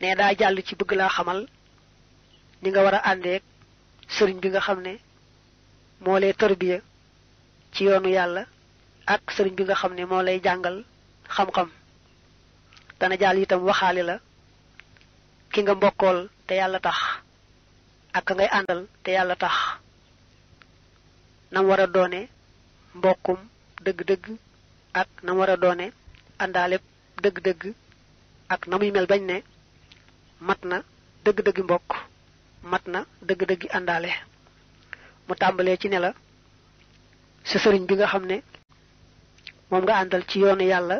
ne da jàll ci bëgg la xamal ni nga wara andé sëriñ bi nga xamné mo lay tarbiya ci yoonu yalla ak sëriñ bi nga xamné mo lay jangal xam-xam dana jall itam waxali la ki nga mbokol te yalla tax ak ngay andal te yalla tax nam wara doone mbokum deug deug ak nam wara doone andale deug deug ak namuy mel bañ ne matna deug deug mbok matna deug deug andale mu tambale ci ne la sa serigne bi nga xamne mom nga andal ci yoonu yalla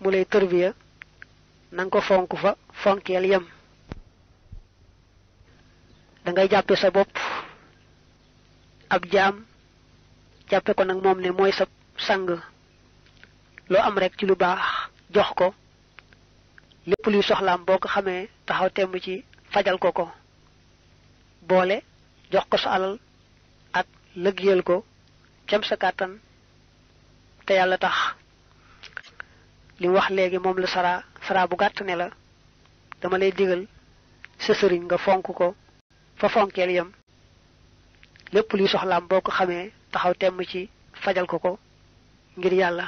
mu lay terbiya nang ko fonku fa fonkel yam da ngay jappé sa bop ab jam jappé ko nak mom ne moy sa sang lo am rek ci lu bax jox ko lepp luy soxlaam boo ko xamee taxaw temb ci fajal ko ko boole jox ko sa alal ak lëggeel ko cam sa kàttan te yàlla tax li wax léegi moom la sara sara bu gàtt ne la dama lay digal sa sëriñ nga fonk ko fa fonkeel yam lépp luy soxlaam boo ko xamee taxaw temm ci fajal ko ko ngir yàlla